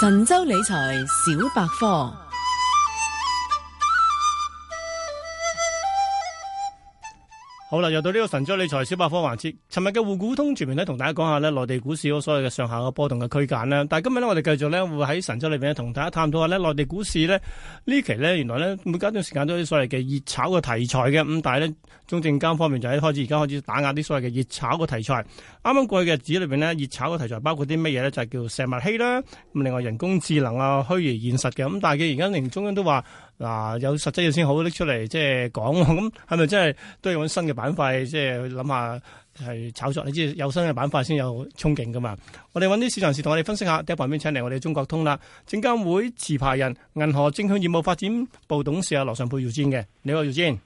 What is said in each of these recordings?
神州理財小百科。好啦，又到呢個神州理財小百科環節。尋日嘅滬股通全面咧，同大家講下咧內地股市所有嘅上下嘅波動嘅區間啦。但係今日咧，我哋繼續咧會喺神州裏邊咧同大家探討下咧內地股市咧呢期咧原來咧每隔一段時間都有啲所謂嘅熱炒嘅題材嘅。咁但係咧，中證監方面就喺開始而家開始打壓啲所謂嘅熱炒嘅題材。啱啱過去嘅日子裏邊咧，熱炒嘅題材包括啲乜嘢咧？就係叫石墨烯啦，咁另外人工智能啊、虛擬現實嘅。咁但係嘅而家連中央都話。嗱、啊，有實質嘢先好拎出嚟，即係講。咁係咪真係都要揾新嘅板塊，即係去諗下係炒作？你知有新嘅板塊先有憧憬噶嘛？我哋揾啲市場人士同我哋分析下。第一旁邊請嚟我哋中國通啦，證監會持牌人、銀河證券新業務發展部董事阿羅尚沛姚漣嘅，你好姚漣。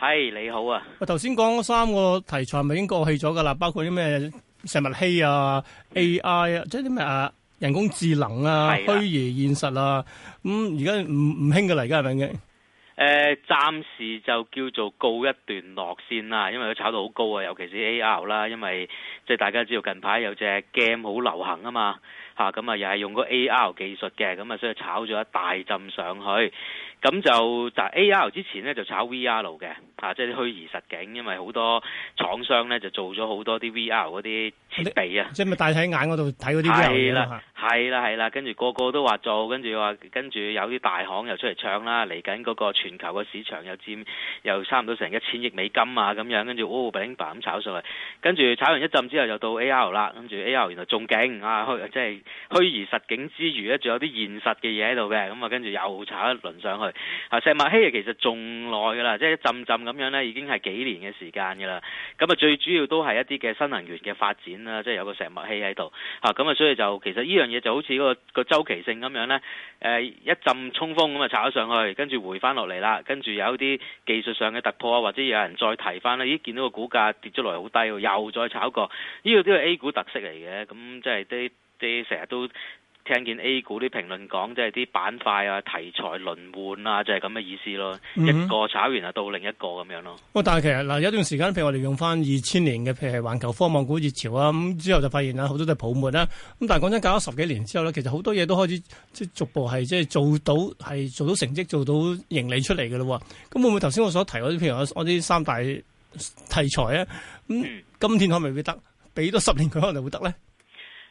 係、hey, 你好啊。我頭先講三個題材，咪已經過氣咗㗎啦？包括啲咩石墨烯啊、AI 啊，即係啲咩啊？人工智能啊，虛擬的現實啊，咁而家唔唔興㗎喇，而家係咪先？誒、呃，暫時就叫做告一段落先啦，因為佢炒到好高啊，尤其是 A R 啦，因為即係大家知道近排有隻 game 好流行啊嘛，嚇咁啊，又、啊、係用個 A R 技術嘅，咁啊所以炒咗一大浸上去，咁就就 A R 之前咧就炒 V R 嘅，嚇、啊、即係啲虛擬實境，因為好多廠商咧就做咗好多啲的 V R 嗰啲設備啊，即係咪戴喺眼嗰度睇嗰啲？係啦。係啦，係啦，跟住個個都話做，跟住話，跟住有啲大行又出嚟唱啦，嚟緊嗰個全球嘅市場又佔，又差唔多成一千億美金啊咁樣，跟住哦 bling 咁炒上去，跟住炒完一陣之後就到 AR 啦，跟住 AR 原來仲勁啊，虛即係虛擬實境之餘呢，仲有啲現實嘅嘢喺度嘅，咁啊跟住又炒一輪上去。啊，石墨烯啊其實仲耐㗎啦，即係一浸浸咁樣呢已經係幾年嘅時間㗎啦。咁啊最主要都係一啲嘅新能源嘅發展啦，即係有個石墨烯喺度。啊，咁、嗯、啊所以就其實呢樣。嘢就好似嗰個個週期性咁樣咧，誒一陣衝鋒咁啊炒上去，跟住回翻落嚟啦，跟住有啲技術上嘅突破啊，或者有人再提翻咧，咦見到個股價跌咗落嚟好低喎，又再炒過，呢、呢個都係、呢個、A 股特色嚟嘅，咁、嗯、即係啲啲成日都。聽見 A 股啲評論講，即係啲板塊啊、題材輪換啊，即係咁嘅意思咯。嗯、一個炒完啊，到另一個咁樣咯。嗯哦、但係其實嗱、呃，有一段時間，譬如我哋用翻二千年嘅，譬如環球科網股熱潮啊，咁、嗯、之後就發現啊，好多都係泡沫啦。咁、嗯、但係講真，搞咗十幾年之後咧，其實好多嘢都開始即係逐步係即係做到，係做到成績，做到盈利出嚟嘅咯。咁、嗯、會唔會頭先我所提嗰啲，譬如我啲三大題材咧，咁、嗯、今天是是可以、嗯、可能未必得，俾多十年佢可能會得咧。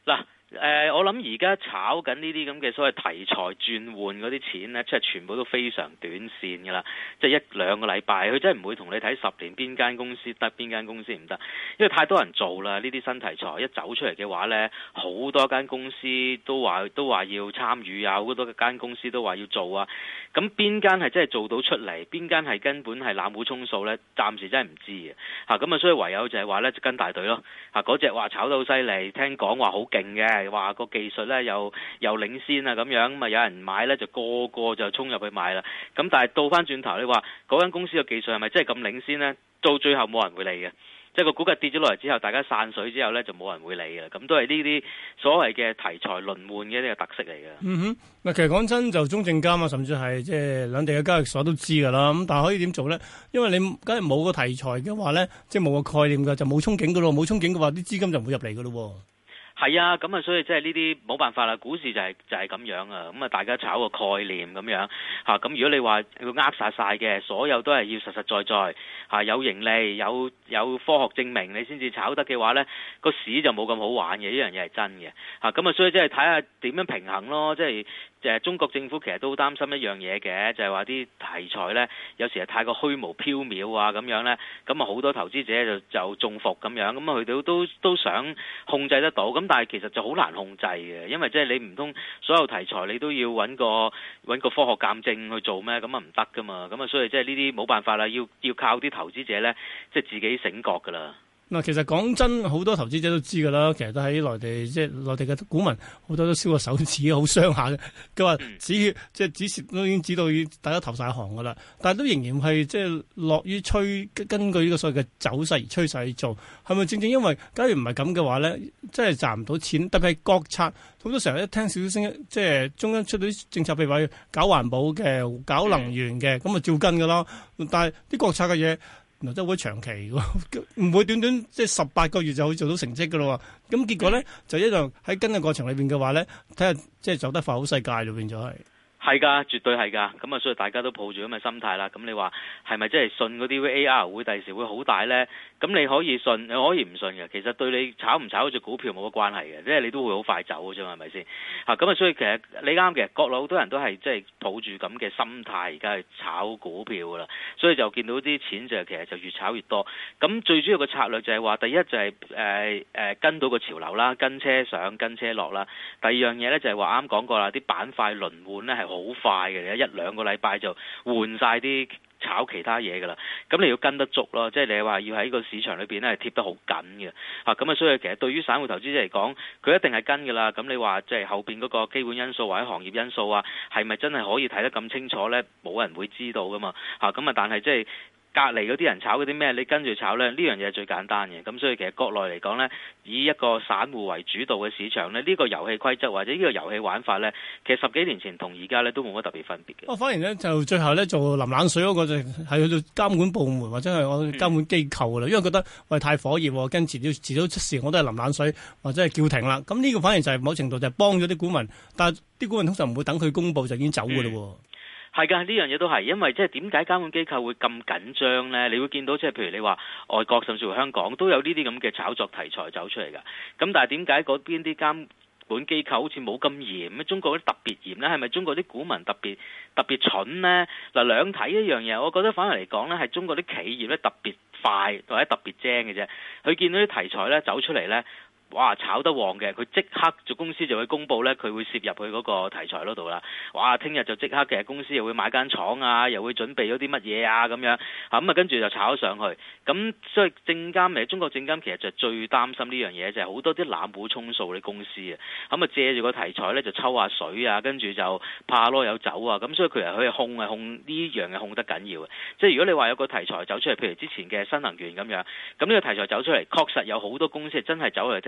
嗱。誒，我諗而家炒緊呢啲咁嘅所謂題材轉換嗰啲錢呢，即係全部都非常短線㗎啦，即係一兩個禮拜，佢真係唔會同你睇十年邊間公司得邊間公司唔得，因為太多人做啦。呢啲新題材一走出嚟嘅話呢，好多間公司都話都話要參與啊，好多間公司都話要做啊。咁邊間係真係做到出嚟，邊間係根本係濫竽充數呢？暫時真係唔知嘅嚇。咁啊，所以唯有就係話呢，就跟大隊咯嚇。嗰隻話炒到好犀利，聽講話好勁嘅。話個技術咧又又領先啊咁樣，咁啊有人買咧就個個就衝入去買啦。咁但係到翻轉頭，你話嗰間公司嘅技術係咪真係咁領先咧？到最後冇人會理嘅，即係個股價跌咗落嚟之後，大家散水之後咧就冇人會理嘅。咁都係呢啲所謂嘅題材輪換嘅呢個特色嚟嘅。嗯哼，嗱，其實講真，就中證監啊，甚至係即係兩地嘅交易所都知噶啦。咁但係可以點做咧？因為你梗係冇個題材嘅話咧，即係冇個概念噶，就冇憧憬噶咯。冇憧憬嘅話，啲資金就唔會入嚟噶咯。係啊，咁啊，所以即係呢啲冇辦法啦，股市就係、是、就係、是、咁樣啊，咁啊，大家炒個概念咁樣嚇，咁、啊、如果你話要呃晒晒嘅，所有都係要實實在在嚇、啊、有盈利、有有科學證明，你先至炒得嘅話呢，個市就冇咁好玩嘅，呢樣嘢係真嘅嚇，咁啊，所以即係睇下點樣平衡咯，即係。就係中國政府其實都擔心一樣嘢嘅，就係話啲題材呢，有時係太過虛無縹緲啊咁樣呢，咁啊好多投資者就就中伏咁樣，咁啊佢哋都都想控制得到，咁但係其實就好難控制嘅，因為即係你唔通所有題材你都要揾個揾個科學鑑證去做咩？咁啊唔得噶嘛，咁啊所以即係呢啲冇辦法啦，要要靠啲投資者呢，即係自己醒覺㗎啦。嗱，其實講真，好多投資者都知㗎啦。其實都喺內地，即係內地嘅股民，好多都燒過手指，好傷下嘅。佢話指即係指示都已經指到，大家投晒行㗎啦。但係都仍然係即係樂於趨，根據呢個所謂嘅走勢而趨勢去做。係咪正正因為假如唔係咁嘅話咧，即係賺唔到錢。特別係國策，好多時候一聽少少聲音，即係中央出咗啲政策，譬如話搞環保嘅、搞能源嘅，咁啊、嗯、照跟㗎咯。但係啲國策嘅嘢。都會長期嘅，唔 會短短即係十八個月就可以做到成績嘅咯。咁結果咧、嗯、就一路喺跟嘅過程裏邊嘅話咧，睇下即係走得快好世界裏邊就係、是。係噶，絕對係噶。咁、嗯、啊，所以大家都抱住咁嘅心態啦。咁、嗯、你話係咪即係信嗰啲 VR、AR 會第時會好大呢？咁你可以信，你可以唔信嘅。其實對你炒唔炒嗰隻股票冇乜關係嘅，即係你都會好快走嘅啫嘛，係咪先？嚇咁啊，所以其實你啱嘅，國內好多人都係即係抱住咁嘅心態而家去炒股票噶啦。所以就見到啲錢就其實就越炒越多。咁、嗯、最主要嘅策略就係話，第一就係誒誒跟到個潮流啦，跟車上跟車落啦。第二樣嘢呢，就係話啱講過啦，啲板塊輪換呢。係。好快嘅，一兩個禮拜就換晒啲炒其他嘢噶啦。咁你要跟得足咯，即係你話要喺個市場裏邊咧係貼得好緊嘅。嚇、啊、咁啊，所以其實對於散戶投資者嚟講，佢一定係跟㗎啦。咁、啊、你話即係後邊嗰個基本因素或者行業因素啊，係咪真係可以睇得咁清楚呢？冇人會知道噶嘛。嚇、啊、咁啊，但係即係。隔離嗰啲人炒嗰啲咩？你跟住炒咧？呢樣嘢係最簡單嘅。咁所以其實國內嚟講咧，以一個散戶為主導嘅市場咧，呢個遊戲規則或者呢個遊戲玩法咧，其實十幾年前同而家咧都冇乜特別分別嘅。我反而咧就最後咧做淋冷水嗰個就係去到監管部門或者係我監管機構㗎啦，因為覺得喂，太火熱，跟遲啲遲早出事我都係淋冷水或者係叫停啦。咁呢個反而就係某程度就係幫咗啲股民，但係啲股民通常唔會等佢公佈就已經走㗎啦喎。嗯係㗎，呢樣嘢都係，因為即係點解監管機構會咁緊張呢？你會見到即係譬如你話外國甚至乎香港都有呢啲咁嘅炒作題材走出嚟㗎。咁但係點解嗰邊啲監管機構好似冇咁嚴？中國啲特別嚴呢？係咪中國啲股民特別特別蠢呢？嗱，兩睇一樣嘢，我覺得反而嚟講呢，係中國啲企業咧特別快或者特別精嘅啫。佢見到啲題材呢走出嚟呢。哇！炒得旺嘅，佢即刻就公司就會公布咧，佢會涉入去嗰個題材嗰度啦。哇！聽日就即刻嘅公司又會買間廠啊，又會準備咗啲乜嘢啊咁樣，咁、嗯、啊跟住就炒咗上去。咁、嗯、所以證監，咪中國證監其實就最擔心呢樣嘢，就係、是、好多啲濫竽充數啲公司啊。咁、嗯、啊、嗯、借住個題材咧就抽下水啊，跟住就怕咯有走啊。咁、嗯、所以佢係去控啊，控呢樣嘢控得緊要嘅。即係如果你話有個題材走出嚟，譬如之前嘅新能源咁樣，咁呢、嗯這個題材走出嚟確實有好多公司真係走嚟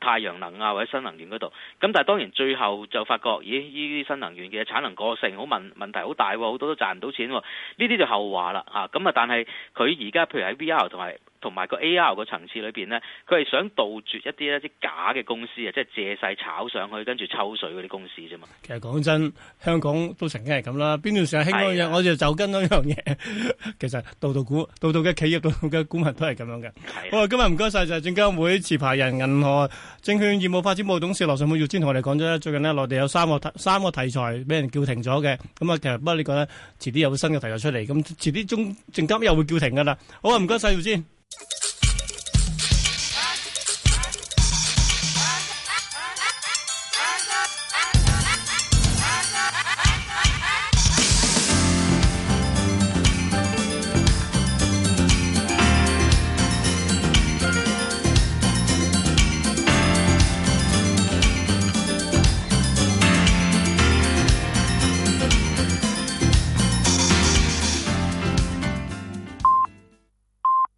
太陽能啊，或者新能源嗰度，咁但係當然最後就發覺，咦，呢啲新能源嘅產能過剩，好問問題好大，好多都賺唔到錢，呢啲就後話啦，吓咁啊，但係佢而家譬如喺 VR 同埋。同埋個 AR 個層次裏邊咧，佢係想杜絕一啲咧啲假嘅公司啊，即係借勢炒上去跟住抽水嗰啲公司啫嘛。其實講真，香港都曾經係咁啦，邊段時間興嗰樣嘢，我就就跟嗰樣嘢。其實度度股度度嘅企業度度嘅股民都係咁樣嘅。係。好啊，今日唔該曬就係證監會持牌人、銀河證券業務發展部董事羅尚沛耀先同我哋講咗啦，最近咧內地有三個三個題材俾人叫停咗嘅。咁啊，其實不過你覺得，遲啲有新嘅題材出嚟，咁遲啲中證監又會叫停㗎啦。好啊，唔該曬耀先。